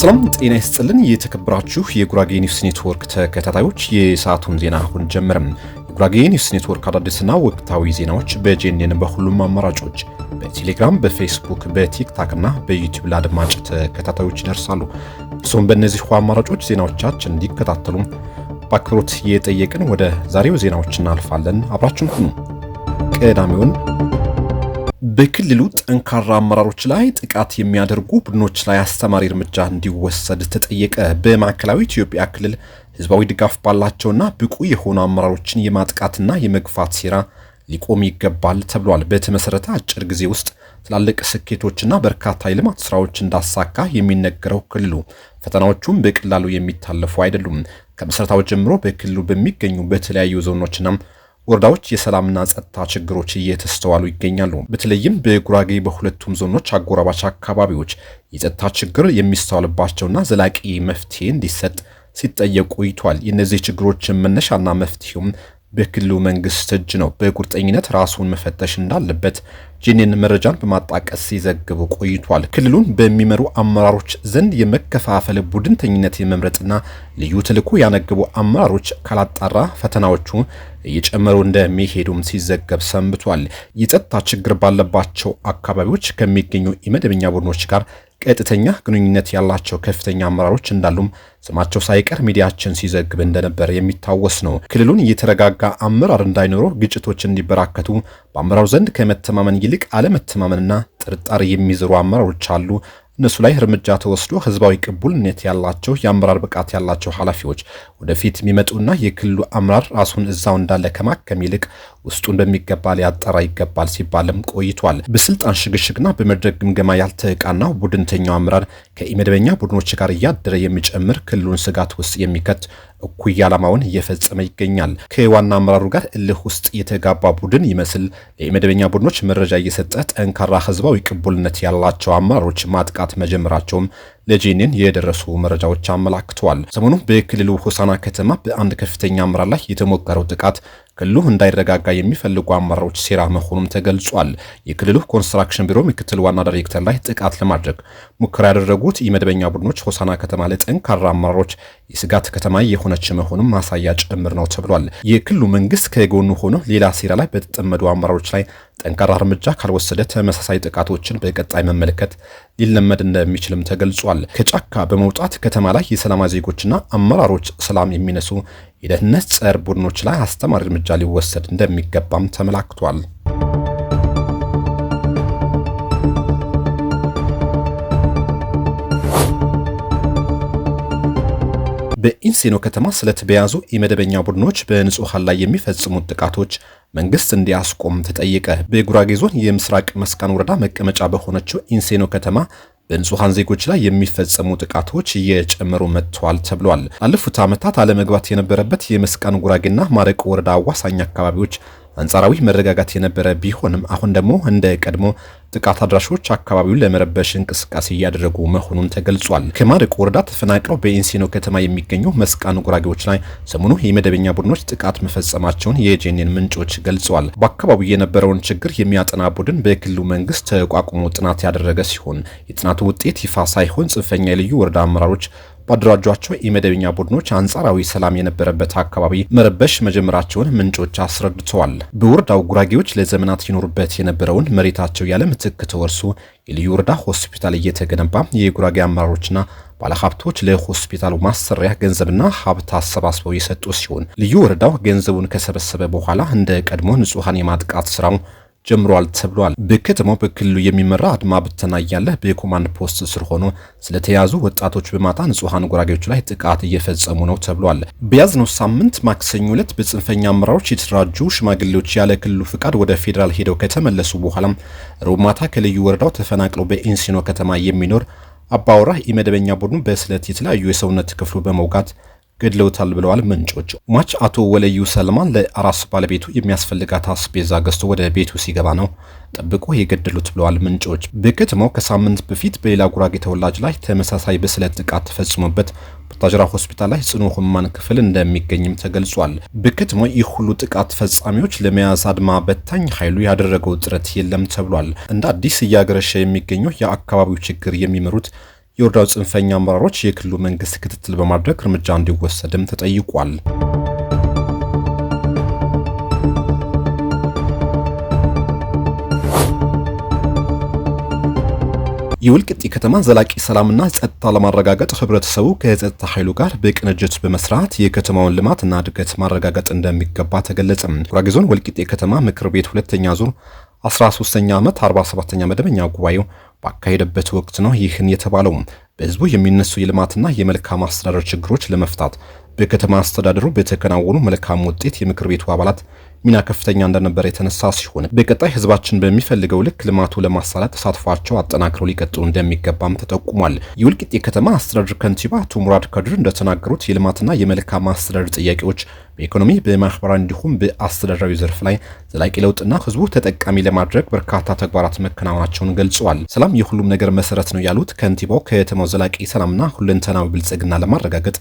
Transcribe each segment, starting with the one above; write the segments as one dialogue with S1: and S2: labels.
S1: ሰላም ጤና ይስጥልን። የተከበራችሁ የጉራጌ ኒውስ ኔትወርክ ተከታታዮች የሰዓቱን ዜና አሁን ጀምርም። የጉራጌ ኒውስ ኔትወርክ አዳዲስና ወቅታዊ ዜናዎች በጄኔን በሁሉም አማራጮች በቴሌግራም፣ በፌስቡክ፣ በቲክታክ እና በዩቲዩብ ለአድማጭ ተከታታዮች ይደርሳሉ። እርሶም በእነዚህ አማራጮች ዜናዎቻችን እንዲከታተሉ በአክብሮት እየጠየቅን ወደ ዛሬው ዜናዎች እናልፋለን። አብራችን ሁኑ። ቀዳሚውን በክልሉ ጠንካራ አመራሮች ላይ ጥቃት የሚያደርጉ ቡድኖች ላይ አስተማሪ እርምጃ እንዲወሰድ ተጠየቀ። በማዕከላዊ ኢትዮጵያ ክልል ህዝባዊ ድጋፍ ባላቸውና ብቁ የሆኑ አመራሮችን የማጥቃትና የመግፋት ሴራ ሊቆም ይገባል ተብሏል። በተመሰረተ አጭር ጊዜ ውስጥ ትላልቅ ስኬቶችና በርካታ የልማት ስራዎች እንዳሳካ የሚነገረው ክልሉ ፈተናዎቹም በቀላሉ የሚታለፉ አይደሉም። ከመሰረታው ጀምሮ በክልሉ በሚገኙ በተለያዩ ዞኖችና ወረዳዎች የሰላምና ጸጥታ ችግሮች እየተስተዋሉ ይገኛሉ። በተለይም በጉራጌ በሁለቱም ዞኖች አጎራባች አካባቢዎች የጸጥታ ችግር የሚስተዋልባቸውና ዘላቂ መፍትሄ እንዲሰጥ ሲጠየቁ ቆይቷል። የእነዚህ ችግሮች መነሻና መፍትሄውም በክልሉ መንግስት እጅ ነው። በቁርጠኝነት ራሱን መፈተሽ እንዳለበት ጄኔን መረጃን በማጣቀስ ሲዘግቡ ቆይቷል። ክልሉን በሚመሩ አመራሮች ዘንድ የመከፋፈል ቡድንተኝነት የመምረጥና ልዩ ተልዕኮ ያነገቡ አመራሮች ካላጣራ ፈተናዎቹ እየጨመሩ እንደሚሄዱም ሲዘገብ ሰንብቷል። የጸጥታ ችግር ባለባቸው አካባቢዎች ከሚገኙ የመደበኛ ቡድኖች ጋር ቀጥተኛ ግንኙነት ያላቸው ከፍተኛ አመራሮች እንዳሉም ስማቸው ሳይቀር ሚዲያችን ሲዘግብ እንደነበር የሚታወስ ነው። ክልሉን እየተረጋጋ አመራር እንዳይኖረው ግጭቶች እንዲበራከቱ በአመራሩ ዘንድ ከመተማመን ይልቅ አለመተማመንና ጥርጣሬ የሚዘሩ አመራሮች አሉ። እነሱ ላይ እርምጃ ተወስዶ ህዝባዊ ቅቡልነት ያላቸው የአመራር ብቃት ያላቸው ኃላፊዎች ወደፊት የሚመጡና የክልሉ አመራር ራሱን እዛው እንዳለ ከማከም ይልቅ ውስጡን በሚገባ ሊያጠራ ይገባል ሲባልም ቆይቷል። በስልጣን ሽግሽግና በመድረክ ግምገማ ያልተቃና ቡድንተኛው አመራር ከኢመደበኛ ቡድኖች ጋር እያደረ የሚጨምር ክልሉን ስጋት ውስጥ የሚከት እኩይ ዓላማውን እየፈጸመ ይገኛል። ከዋና አመራሩ ጋር እልህ ውስጥ የተጋባ ቡድን ይመስል ለመደበኛ ቡድኖች መረጃ እየሰጠ ጠንካራ ህዝባዊ ቅቡልነት ያላቸው አመራሮች ማጥቃት መጀመራቸውም ለጄኔን የደረሱ መረጃዎች አመላክተዋል። ሰሞኑ በክልሉ ሆሳና ከተማ በአንድ ከፍተኛ አመራር ላይ የተሞከረው ጥቃት ክልሉ እንዳይረጋጋ የሚፈልጉ አመራሮች ሴራ መሆኑም ተገልጿል። የክልሉ ኮንስትራክሽን ቢሮ ምክትል ዋና ዳይሬክተር ላይ ጥቃት ለማድረግ ሙከራ ያደረጉት የመደበኛ ቡድኖች ሆሳና ከተማ ለጠንካራ አመራሮች የስጋት ከተማ የሆነች መሆኑም ማሳያ ጭምር ነው ተብሏል። የክልሉ መንግስት ከጎኑ ሆኖ ሌላ ሴራ ላይ በተጠመዱ አመራሮች ላይ ጠንካራ እርምጃ ካልወሰደ ተመሳሳይ ጥቃቶችን በቀጣይ መመልከት ሊለመድ እንደሚችልም ተገልጿል። ከጫካ በመውጣት ከተማ ላይ የሰላማ ዜጎችና አመራሮች ሰላም የሚነሱ የደህንነት ጸር ቡድኖች ላይ አስተማሪ እርምጃ ሊወሰድ እንደሚገባም ተመላክቷል። በኢንሴኖ ከተማ ስለተበያዙ የመደበኛ ቡድኖች በንጹሐን ላይ የሚፈጽሙት ጥቃቶች መንግስት እንዲያስቆም ተጠየቀ። በጉራጌ ዞን የምስራቅ መስቃን ወረዳ መቀመጫ በሆነችው ኢንሴኖ ከተማ በንጹሐን ዜጎች ላይ የሚፈጸሙ ጥቃቶች እየጨመሩ መጥተዋል ተብሏል። አለፉት ዓመታት አለመግባት የነበረበት የመስቃን ጉራጌና ማረቆ ወረዳ አዋሳኝ አካባቢዎች አንጻራዊ መረጋጋት የነበረ ቢሆንም አሁን ደግሞ እንደ ቀድሞ ጥቃት አድራሾች አካባቢውን ለመረበሽ እንቅስቃሴ እያደረጉ መሆኑን ተገልጿል። ከማረቆ ወረዳ ተፈናቅለው በኢንሲኖ ከተማ የሚገኙ መስቃን ጉራጌዎች ላይ ሰሞኑ የመደበኛ ቡድኖች ጥቃት መፈጸማቸውን የጄኔን ምንጮች ገልጸዋል። በአካባቢው የነበረውን ችግር የሚያጠና ቡድን በክልሉ መንግስት ተቋቁሞ ጥናት ያደረገ ሲሆን የጥናቱ ውጤት ይፋ ሳይሆን ጽንፈኛ የልዩ ወረዳ አመራሮች ባደራጇቸው የመደበኛ ቡድኖች አንጻራዊ ሰላም የነበረበት አካባቢ መረበሽ መጀመራቸውን ምንጮች አስረድተዋል። በወረዳው ጉራጌዎች ለዘመናት ይኖሩበት የነበረውን መሬታቸው ያለ ምትክ ተወርሶ የልዩ ወረዳ ሆስፒታል እየተገነባ የጉራጌ አመራሮችና ባለሀብቶች ለሆስፒታሉ ማሰሪያ ገንዘብና ሀብት አሰባስበው የሰጡ ሲሆን ልዩ ወረዳው ገንዘቡን ከሰበሰበ በኋላ እንደ ቀድሞ ንጹሐን የማጥቃት ስራው ጀምሯል ተብሏል። በከተማው በክልሉ የሚመራ አድማ ብተና እያለ በኮማንድ ፖስት ስር ሆኖ ስለተያዙ ወጣቶች በማታ ንጹሐን ጉራጌዎች ላይ ጥቃት እየፈጸሙ ነው ተብሏል። በያዝነው ሳምንት ማክሰኞ ዕለት በጽንፈኛ አመራሮች የተደራጁ ሽማግሌዎች ያለ ክልሉ ፍቃድ ወደ ፌዴራል ሄደው ከተመለሱ በኋላም ሮብ ማታ ከልዩ ወረዳው ተፈናቅለው በኢንሲኖ ከተማ የሚኖር አባወራ የመደበኛ ቡድኑ በስለት የተለያዩ የሰውነት ክፍሉ በመውጋት ገድለውታል ብለዋል ምንጮች። ሟች አቶ ወለዩ ሰልማን ለአራስ ባለቤቱ የሚያስፈልጋት አስቤዛ ገዝቶ ወደ ቤቱ ሲገባ ነው ጠብቆ የገደሉት ብለዋል ምንጮች። በከተማው ከሳምንት በፊት በሌላ ጉራጌ ተወላጅ ላይ ተመሳሳይ በስለት ጥቃት ተፈጽሞበት ቡታጅራ ሆስፒታል ላይ ጽኑ ህሙማን ክፍል እንደሚገኝም ተገልጿል። በከተማው ይህ ሁሉ ጥቃት ፈጻሚዎች ለመያዝ አድማ በታኝ ኃይሉ ያደረገው ጥረት የለም ተብሏል። እንደ አዲስ እያገረሸ የሚገኘው የአካባቢው ችግር የሚመሩት የወረዳው ጽንፈኛ አመራሮች የክልሉ መንግስት ክትትል በማድረግ እርምጃ እንዲወሰድም ተጠይቋል። የወልቂጤ ከተማ ዘላቂ ሰላምና ጸጥታ ለማረጋገጥ ህብረተሰቡ ከጸጥታ ኃይሉ ጋር በቅንጅት በመስራት የከተማውን ልማትና እድገት ማረጋገጥ እንደሚገባ ተገለጸ። ጉራጌ ዞን ወልቂጤ ከተማ ምክር ቤት ሁለተኛ ዙር 13ኛ ዓመት 47ኛ መደበኛ ጉባኤው ባካሄደበት ወቅት ነው ይህን የተባለው። በህዝቡ የሚነሱ የልማትና የመልካም አስተዳደር ችግሮች ለመፍታት በከተማ አስተዳደሩ በተከናወኑ መልካም ውጤት የምክር ቤቱ አባላት ሚና ከፍተኛ እንደነበረ የተነሳ ሲሆን በቀጣይ ህዝባችን በሚፈልገው ልክ ልማቱ ለማሳለጥ ተሳትፏቸው አጠናክረው ሊቀጥሉ እንደሚገባም ተጠቁሟል። የወልቂጤ ከተማ አስተዳደር ከንቲባ አቶ ሙራድ ከድር እንደተናገሩት የልማትና የመልካም አስተዳደር ጥያቄዎች በኢኮኖሚ በማህበራዊ እንዲሁም በአስተዳደራዊ ዘርፍ ላይ ዘላቂ ለውጥና ህዝቡ ተጠቃሚ ለማድረግ በርካታ ተግባራት መከናወናቸውን ገልጸዋል። ሰላም የሁሉም ነገር መሰረት ነው ያሉት ከንቲባው ከተማው ዘላቂ ሰላምና ሁለንተናዊ ብልጽግና ለማረጋገጥ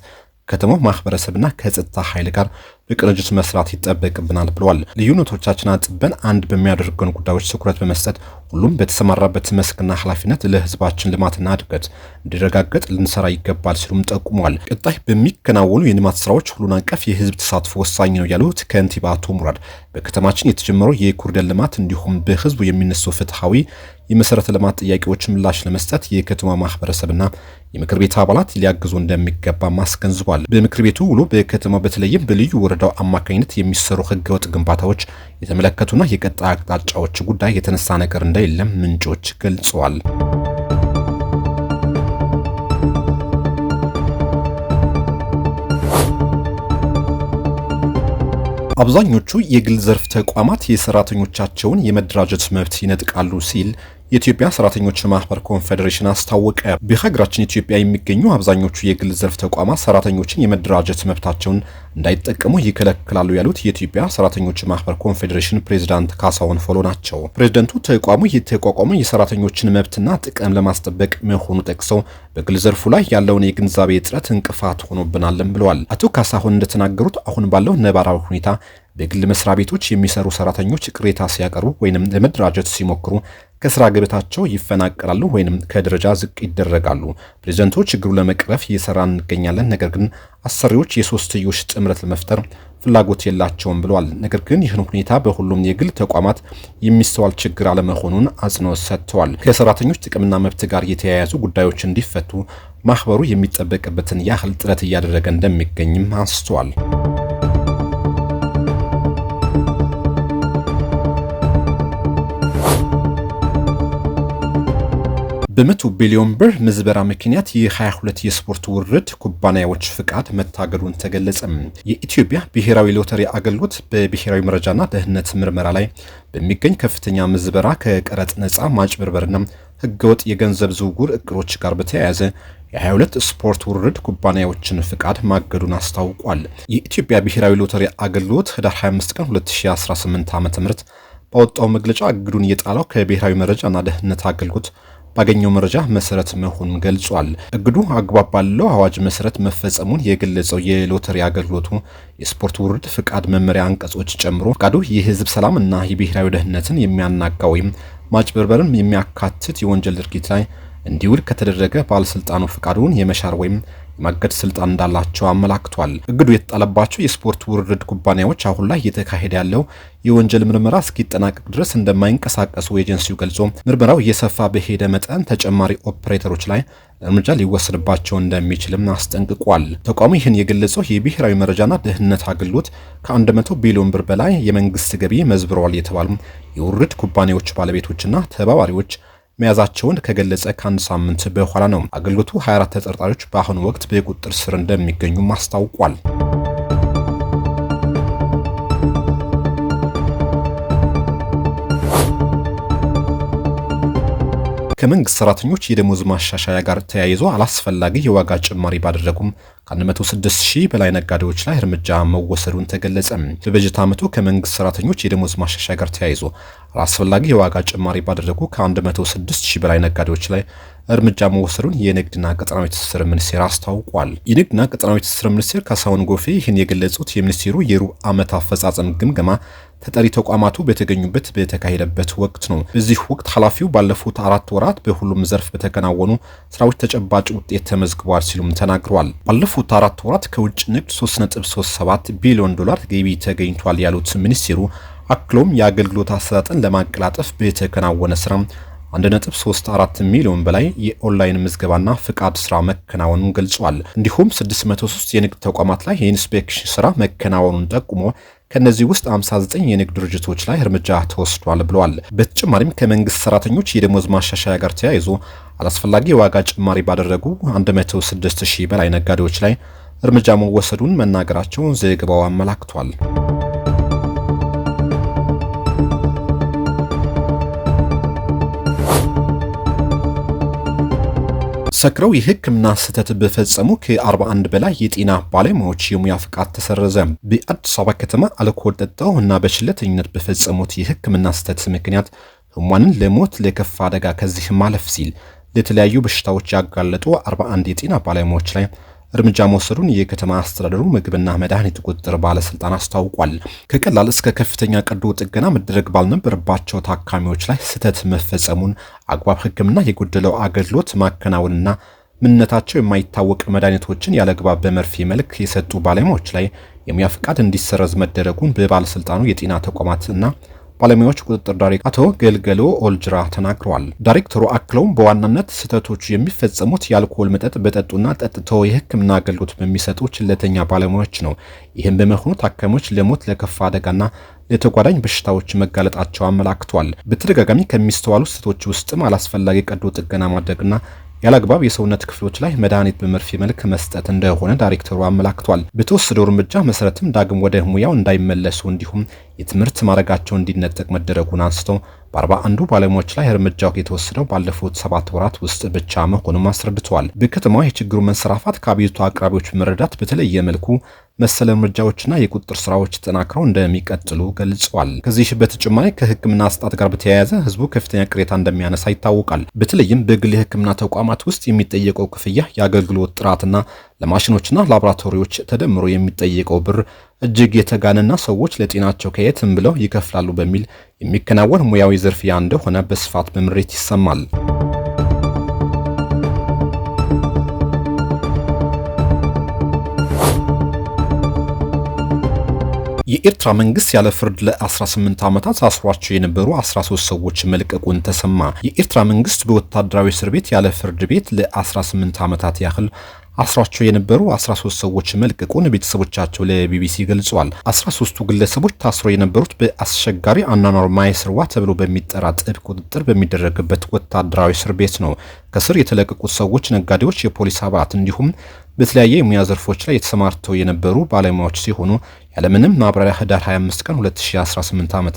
S1: ከተማው ማህበረሰብና ከጸጥታ ኃይል ጋር በቅንጅት መስራት ይጠበቅብናል ብለዋል። ተናግሯል። ልዩነቶቻችን አጥበን አንድ በሚያደርገን ጉዳዮች ትኩረት በመስጠት ሁሉም በተሰማራበት መስክና ኃላፊነት ለህዝባችን ልማትና እድገት እንዲረጋገጥ ልንሰራ ይገባል ሲሉም ጠቁሟል። ቀጣይ በሚከናወኑ የልማት ስራዎች ሁሉን አቀፍ የህዝብ ተሳትፎ ወሳኝ ነው ያሉት ከንቲባ አቶ ሙራድ በከተማችን የተጀመረው የኮሪደር ልማት እንዲሁም በህዝቡ የሚነሱ ፍትሐዊ የመሰረተ ልማት ጥያቄዎች ምላሽ ለመስጠት የከተማ ማህበረሰብና የምክር ቤት አባላት ሊያግዙ እንደሚገባ ማስገንዝቧል። በምክር ቤቱ ውሎ በከተማ በተለይም በልዩ ወረዳው አማካኝነት የሚሰሩ ህገወጥ ግንባታዎች የተመለከቱና የቀጣይ አቅጣጫዎች ጉዳይ የተነሳ ነገር እንደ እንደሌለም ምንጮች ገልጸዋል። አብዛኞቹ የግል ዘርፍ ተቋማት የሰራተኞቻቸውን የመደራጀት መብት ይነጥቃሉ ሲል የኢትዮጵያ ሰራተኞች ማህበር ኮንፌዴሬሽን አስታወቀ። በሀገራችን ኢትዮጵያ የሚገኙ አብዛኞቹ የግል ዘርፍ ተቋማት ሰራተኞችን የመደራጀት መብታቸውን እንዳይጠቀሙ ይከለክላሉ ያሉት የኢትዮጵያ ሰራተኞች ማህበር ኮንፌዴሬሽን ፕሬዚዳንት ካሳሁን ፎሎ ናቸው። ፕሬዚደንቱ ተቋሙ የተቋቋመ የሰራተኞችን መብትና ጥቅም ለማስጠበቅ መሆኑ ጠቅሰው በግል ዘርፉ ላይ ያለውን የግንዛቤ እጥረት እንቅፋት ሆኖብናልም ብለዋል። አቶ ካሳሁን እንደተናገሩት አሁን ባለው ነባራዊ ሁኔታ በግል መስሪያ ቤቶች የሚሰሩ ሰራተኞች ቅሬታ ሲያቀርቡ ወይንም ለመደራጀት ሲሞክሩ ከስራ ገበታቸው ይፈናቀላሉ ወይንም ከደረጃ ዝቅ ይደረጋሉ። ፕሬዝደንቱ ችግሩ ለመቅረፍ እየሰራ እንገኛለን፣ ነገር ግን አሰሪዎች የሶስትዮሽ ጥምረት ለመፍጠር ፍላጎት የላቸውም ብለዋል። ነገር ግን ይህን ሁኔታ በሁሉም የግል ተቋማት የሚስተዋል ችግር አለመሆኑን አጽንኦት ሰጥተዋል። ከሰራተኞች ጥቅምና መብት ጋር የተያያዙ ጉዳዮች እንዲፈቱ ማህበሩ የሚጠበቅበትን ያህል ጥረት እያደረገ እንደሚገኝም አንስተዋል። በመቶ ቢሊዮን ብር ምዝበራ ምክንያት የ22 የስፖርት ውርድ ኩባንያዎች ፍቃድ መታገዱን ተገለጸ። የኢትዮጵያ ብሔራዊ ሎተሪ አገልግሎት በብሔራዊ መረጃና ደህንነት ምርመራ ላይ በሚገኝ ከፍተኛ ምዝበራ ከቀረጥ ነፃ ማጭበርበርና ህገወጥ የገንዘብ ዝውውር እቅዶች ጋር በተያያዘ የ22 ስፖርት ውርድ ኩባንያዎችን ፍቃድ ማገዱን አስታውቋል። የኢትዮጵያ ብሔራዊ ሎተሪ አገልግሎት ህዳር 25 ቀን 2018 ዓ ም ባወጣው መግለጫ እግዱን እየጣለው ከብሔራዊ መረጃና ደህንነት አገልግሎት ባገኘው መረጃ መሰረት መሆኑን ገልጿል። እግዱ አግባብ ባለው አዋጅ መሰረት መፈጸሙን የገለጸው የሎተሪ አገልግሎቱ የስፖርት ውርድ ፍቃድ መመሪያ አንቀጾች ጨምሮ ፍቃዱ የህዝብ ሰላም እና የብሔራዊ ደህንነትን የሚያናጋ ወይም ማጭበርበርን የሚያካትት የወንጀል ድርጊት ላይ እንዲውል ከተደረገ ባለስልጣኑ ፍቃዱን የመሻር ወይም የማገድ ስልጣን እንዳላቸው አመላክቷል። እግዱ የተጣለባቸው የስፖርት ውርርድ ኩባንያዎች አሁን ላይ እየተካሄደ ያለው የወንጀል ምርመራ እስኪጠናቀቅ ድረስ እንደማይንቀሳቀሱ ኤጀንሲው ገልጾ ምርመራው እየሰፋ በሄደ መጠን ተጨማሪ ኦፕሬተሮች ላይ እርምጃ ሊወሰድባቸው እንደሚችልም አስጠንቅቋል። ተቋሙ ይህን የገለጸው የብሔራዊ መረጃና ደህንነት አገልግሎት ከ100 ቢሊዮን ብር በላይ የመንግስት ገቢ መዝብረዋል የተባሉ የውርድ ኩባንያዎች ባለቤቶችና ተባባሪዎች መያዛቸውን ከገለጸ ከአንድ ሳምንት በኋላ ነው። አገልግሎቱ 24 ተጠርጣሪዎች በአሁኑ ወቅት በቁጥጥር ስር እንደሚገኙም አስታውቋል። ከመንግስት ሰራተኞች የደሞዝ ማሻሻያ ጋር ተያይዞ አላስፈላጊ የዋጋ ጭማሪ ባደረጉም ከ106 ሺህ በላይ ነጋዴዎች ላይ እርምጃ መወሰዱን ተገለጸ። በበጀት ዓመቱ ከመንግስት ሰራተኞች የደሞዝ ማሻሻያ ጋር ተያይዞ አላስፈላጊ የዋጋ ጭማሪ ባደረጉ ከ106 ሺህ በላይ ነጋዴዎች ላይ እርምጃ መወሰዱን የንግድና ቀጠናዊ ትስስር ሚኒስቴር አስታውቋል። የንግድና ቀጠናዊ ትስስር ሚኒስቴር ካሳሁን ጎፌ ይህን የገለጹት የሚኒስቴሩ የሩብ ዓመት አፈጻጸም ግምገማ ተጠሪ ተቋማቱ በተገኙበት በተካሄደበት ወቅት ነው። በዚህ ወቅት ኃላፊው ባለፉት አራት ወራት በሁሉም ዘርፍ በተከናወኑ ስራዎች ተጨባጭ ውጤት ተመዝግቧል ሲሉም ተናግረዋል። ባለፉት አራት ወራት ከውጭ ንግድ 3.37 ቢሊዮን ዶላር ገቢ ተገኝቷል ያሉት ሚኒስቴሩ አክሎም የአገልግሎት አሰጣጥን ለማቀላጠፍ በተከናወነ ስራ 1.34 ሚሊዮን በላይ የኦንላይን ምዝገባና ፍቃድ ስራ መከናወኑን ገልጿል። እንዲሁም 603 የንግድ ተቋማት ላይ የኢንስፔክሽን ስራ መከናወኑን ጠቁሞ ከነዚህ ውስጥ 59 የንግድ ድርጅቶች ላይ እርምጃ ተወስዷል ብለዋል። በተጨማሪም ከመንግስት ሰራተኞች የደሞዝ ማሻሻያ ጋር ተያይዞ አላስፈላጊ የዋጋ ጭማሪ ባደረጉ 106 ሺህ በላይ ነጋዴዎች ላይ እርምጃ መወሰዱን መናገራቸውን ዘገባው አመላክቷል። ሰክረው የሕክምና ስህተት በፈጸሙ ከ41 በላይ የጤና ባለሙያዎች የሙያ ፍቃድ ተሰረዘ። በአዲስ አበባ ከተማ አልኮል ጠጣው እና በችለተኝነት በፈጸሙት የሕክምና ስህተት ምክንያት ህሟንን ለሞት ለከፋ አደጋ ከዚህ ማለፍ ሲል ለተለያዩ በሽታዎች ያጋለጡ 41 የጤና ባለሙያዎች ላይ እርምጃ መወሰዱን የከተማ አስተዳደሩ ምግብና መድኃኒት ቁጥጥር ባለስልጣን አስታውቋል። ከቀላል እስከ ከፍተኛ ቀዶ ጥገና መደረግ ባልነበረባቸው ታካሚዎች ላይ ስህተት መፈጸሙን፣ አግባብ ሕክምና የጎደለው አገልግሎት ማከናወንና ምንነታቸው የማይታወቅ መድኃኒቶችን ያለግባብ በመርፌ መልክ የሰጡ ባለሙያዎች ላይ የሙያ ፍቃድ እንዲሰረዝ መደረጉን በባለስልጣኑ የጤና ተቋማት እና ባለሙያዎች ቁጥጥር ዳይሬክተር አቶ ገልገሎ ኦልጅራ ተናግረዋል። ዳይሬክተሩ አክለውም በዋናነት ስህተቶቹ የሚፈጸሙት የአልኮል መጠጥ በጠጡና ጠጥተው የሕክምና አገልግሎት በሚሰጡ ችለተኛ ባለሙያዎች ነው። ይህም በመሆኑ ታካሚዎች ለሞት ለከፋ አደጋና ለተጓዳኝ በሽታዎች መጋለጣቸው አመላክቷል። በተደጋጋሚ ከሚስተዋሉ ስህተቶች ውስጥም አላስፈላጊ ቀዶ ጥገና ማድረግና ያለአግባብ የሰውነት ክፍሎች ላይ መድኃኒት በመርፌ መልክ መስጠት እንደሆነ ዳይሬክተሩ አመላክቷል። በተወሰደው እርምጃ መሰረትም ዳግም ወደ ሙያው እንዳይመለሱ እንዲሁም የትምህርት ማድረጋቸው እንዲነጠቅ መደረጉን አንስተው በአርባ አንዱ ባለሙያዎች ላይ እርምጃው የተወሰደው ባለፉት ሰባት ወራት ውስጥ ብቻ መሆኑም አስረድተዋል። በከተማዋ የችግሩ መንሰራፋት ከአብዮቱ አቅራቢዎች መረዳት በተለየ መልኩ መሰል እርምጃዎችና የቁጥጥር ስራዎች ተጠናክረው እንደሚቀጥሉ ገልጸዋል። ከዚህ በተጨማሪ ከሕክምና አሰጣጥ ጋር በተያያዘ ህዝቡ ከፍተኛ ቅሬታ እንደሚያነሳ ይታወቃል። በተለይም በግል የሕክምና ተቋማት ውስጥ የሚጠየቀው ክፍያ፣ የአገልግሎት ጥራትና ለማሽኖችና ላቦራቶሪዎች ተደምሮ የሚጠየቀው ብር እጅግ የተጋነና ሰዎች ለጤናቸው ከየትም ብለው ይከፍላሉ በሚል የሚከናወን ሙያዊ ዝርፊያ እንደሆነ በስፋት በምሬት ይሰማል። የኤርትራ መንግስት ያለ ፍርድ ለ18 ዓመታት አስሯቸው የነበሩ 13 ሰዎች መልቀቁን ተሰማ። የኤርትራ መንግስት በወታደራዊ እስር ቤት ያለ ፍርድ ቤት ለ18 ዓመታት ያህል አስሯቸው የነበሩ 13 ሰዎች መልቀቁን ቤተሰቦቻቸው ለቢቢሲ ገልጸዋል። 13ቱ ግለሰቦች ታስሮ የነበሩት በአስቸጋሪ አኗኗር ማይስርዋ ተብሎ በሚጠራ ጥብቅ ቁጥጥር በሚደረግበት ወታደራዊ እስር ቤት ነው። ከስር የተለቀቁት ሰዎች ነጋዴዎች፣ የፖሊስ አባላት እንዲሁም በተለያየ የሙያ ዘርፎች ላይ የተሰማርተው የነበሩ ባለሙያዎች ሲሆኑ ያለምንም ማብራሪያ ህዳር 25 ቀን 2018 ዓ ም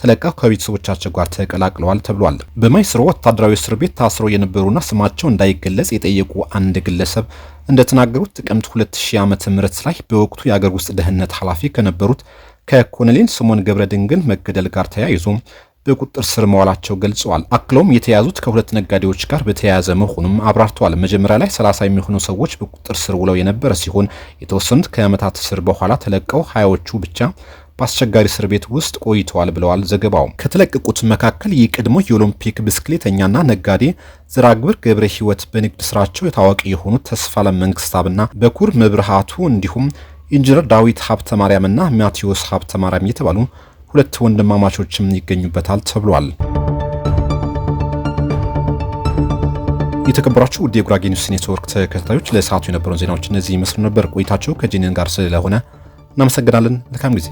S1: ተለቀው ከቤተሰቦቻቸው ጋር ተቀላቅለዋል ተብሏል። በማይስሮ ወታደራዊ እስር ቤት ታስረው የነበሩና ስማቸው እንዳይገለጽ የጠየቁ አንድ ግለሰብ እንደተናገሩት ጥቅምት 2000 ዓ ም ላይ በወቅቱ የአገር ውስጥ ደህንነት ኃላፊ ከነበሩት ከኮሎኔል ስምዖን ገብረ ድንግል መገደል ጋር ተያይዞ በቁጥጥር ስር መዋላቸው ገልጸዋል። አክለውም የተያዙት ከሁለት ነጋዴዎች ጋር በተያያዘ መሆኑም አብራርተዋል። መጀመሪያ ላይ ሰላሳ የሚሆኑ ሰዎች በቁጥጥር ስር ውለው የነበረ ሲሆን የተወሰኑት ከዓመታት እስር በኋላ ተለቀው ሀያዎቹ ብቻ በአስቸጋሪ እስር ቤት ውስጥ ቆይተዋል ብለዋል ዘገባው። ከተለቀቁት መካከል የቀድሞ የኦሎምፒክ ብስክሌተኛና ነጋዴ ዝራግብር ገብረ ህይወት በንግድ ስራቸው የታዋቂ የሆኑት ተስፋለም መንግስታብና በኩር መብርሃቱ እንዲሁም ኢንጂነር ዳዊት ሀብተ ማርያምና ማቴዎስ ሀብተ ማርያም የተባሉ ሁለት ወንድማማቾችም ይገኙበታል ተብሏል። የተከበራችሁ ውድ የጉራጌ ኒውስ ኔትወርክ ተከታታዮች ለሰዓቱ የነበሩ ዜናዎች እነዚህ ይመስሉ ነበር። ቆይታቸው ከጄኔን ጋር ስለሆነ እናመሰግናለን። መልካም ጊዜ